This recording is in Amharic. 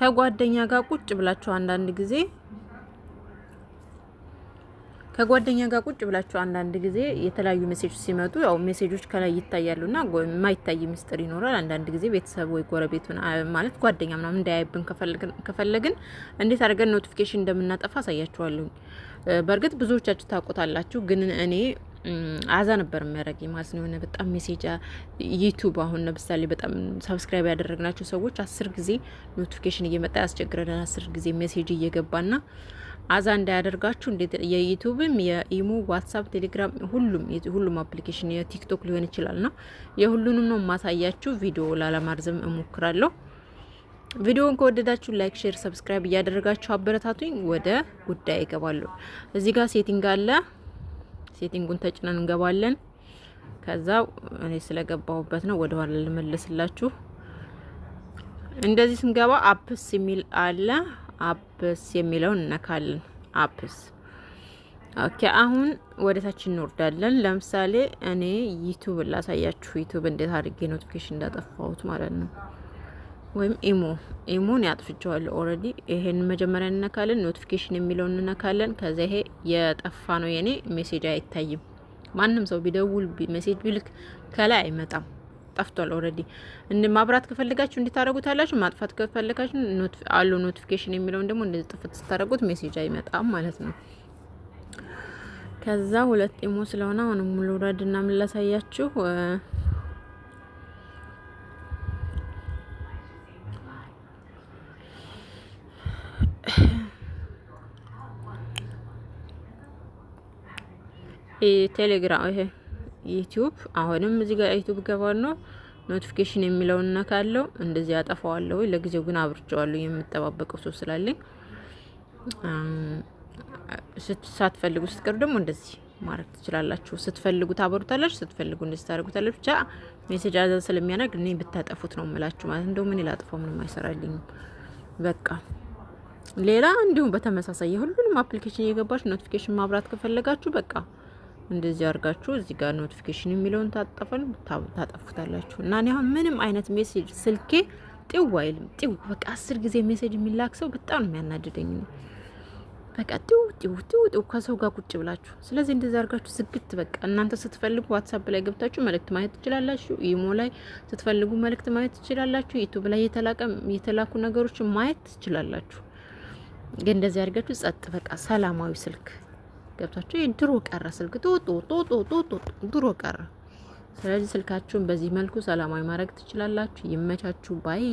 ከጓደኛ ጋር ቁጭ ብላችሁ አንዳንድ ጊዜ ከጓደኛ ጋር ቁጭ ብላችሁ አንዳንድ ጊዜ የተለያዩ ሜሴጆች ሲመጡ ያው ሜሴጆች ከላይ ይታያሉና የማይታይ ምስጢር ይኖራል። አንዳንድ ጊዜ ቤተሰብ ወይ ጎረቤቱ ማለት ጓደኛ ምናምን እንዳያይብን ከፈለግን እንዴት አድርገን ኖቲፊኬሽን እንደምናጠፋ አሳያችኋለሁ። በእርግጥ ብዙዎቻችሁ ታውቁታላችሁ፣ ግን እኔ አዛ ነበር የሚያደረግ ማለት ነው። የሆነ በጣም ሜሴጃ ዩቱብ አሁን ለምሳሌ በጣም ሰብስክራይብ ያደረግናቸው ሰዎች አስር ጊዜ ኖቲፊኬሽን እየመጣ ያስቸግረናል። አስር ጊዜ ሜሴጅ እየገባና አዛ እንዳያደርጋችሁ እንዴት የዩቱብም የኢሞ ዋትሳፕ፣ ቴሌግራም ሁሉም ሁሉም አፕሊኬሽን የቲክቶክ ሊሆን ይችላል ና የሁሉንም ነው ማሳያችሁ። ቪዲዮ ላለማርዘም እሞክራለሁ። ቪዲዮውን ከወደዳችሁ ላይክ፣ ሼር፣ ሰብስክራይብ እያደረጋችሁ አበረታቱኝ። ወደ ጉዳይ ይገባሉ። እዚህ ጋር ሴቲንግ አለ ሴቲንጉን ተጭነን እንገባለን። ከዛ እኔ ስለገባሁበት ነው ወደ ኋላ ልመለስላችሁ። እንደዚህ ስንገባ አፕስ የሚል አለ። አፕስ የሚለውን እነካለን። አፕስ ኦኬ። አሁን ወደ ታች እንወርዳለን። ለምሳሌ እኔ ዩቱብ ላሳያችሁ፣ ዩቱብ እንዴት አድርጌ ኖቲፊኬሽን እንዳጠፋሁት ማለት ነው። ወይም ኢሞ ኢሞን ያጥፍቸዋለሁ። ኦልሬዲ ይሄን መጀመሪያ እንነካለን፣ ኖቲፊኬሽን የሚለውን እንነካለን። ከዛ ይሄ የጠፋ ነው የኔ ሜሴጅ አይታይም። ማንም ሰው ቢደውል ሜሴጅ ቢልክ ከላይ አይመጣም፣ ጠፍቷል። ኦልሬዲ ማብራት ከፈለጋችሁ እንዲታረጉታላችሁ፣ ማጥፋት ከፈለጋችሁ አሉ ኖቲፊኬሽን የሚለውን ደግሞ እንደዚህ ጥፍት ስታደረጉት ሜሴጅ አይመጣም ማለት ነው። ከዛ ሁለት ኢሞ ስለሆነ አሁንም ሙሉ ረድ እና ምን ላሳያችሁ ቴሌግራም ይሄ ዩቲዩብ አሁንም እዚህ ጋር ዩቲዩብ ገባ ነው። ኖቲፊኬሽን የሚለውን ነካለው። እንደዚህ ያጠፋዋለሁ። ለጊዜው ግን አብርጨዋለሁ የምጠባበቀው ሰው ስላለኝ። ሳትፈልጉ ስትቀሩ ደግሞ እንደዚህ ማድረግ ትችላላችሁ። ስትፈልጉ ታበሩታላችሁ፣ ስትፈልጉ እንደዚህ ታደርጉታላችሁ። ብቻ ሜሴጅ አዛ ስለሚያደርግ እኔ ብታጠፉት ነው የምላችሁ ማለት እንደው ምን ላጥፋው? ምንም አይሰራልኝም። በቃ ሌላ እንዲሁም በተመሳሳይ የሁሉንም አፕሊኬሽን እየገባችሁ ኖቲፊኬሽን ማብራት ከፈለጋችሁ በቃ እንደዚህ አድርጋችሁ እዚህ ጋር ኖቲፊኬሽን የሚለውን ታጠፈን ታጠፉታላችሁ። እና እኔ አሁን ምንም አይነት ሜሴጅ ስልኬ ጢው አይልም። ጢው በቃ አስር ጊዜ ሜሴጅ የሚላክ ሰው በጣም የሚያናድደኝ ነው። በቃ ጢው ጢው ጢው ጢው ከሰው ጋር ቁጭ ብላችሁ። ስለዚህ እንደዚህ አድርጋችሁ ዝግት በቃ እናንተ ስትፈልጉ ዋትሳፕ ላይ ገብታችሁ መልእክት ማየት ትችላላችሁ። ኢሞ ላይ ስትፈልጉ መልእክት ማየት ትችላላችሁ። ዩቱብ ላይ የተላኩ ነገሮችን ማየት ትችላላችሁ። ግን እንደዚህ አድርጋችሁ ጸጥ በቃ ሰላማዊ ስልክ ገብታችሁ ይሄ ድሮ ቀረ ስልክ ድሮ ቀረ። ስለዚህ ስልካችሁን በዚህ መልኩ ሰላማዊ ማድረግ ትችላላችሁ። ይመቻችሁ ባይ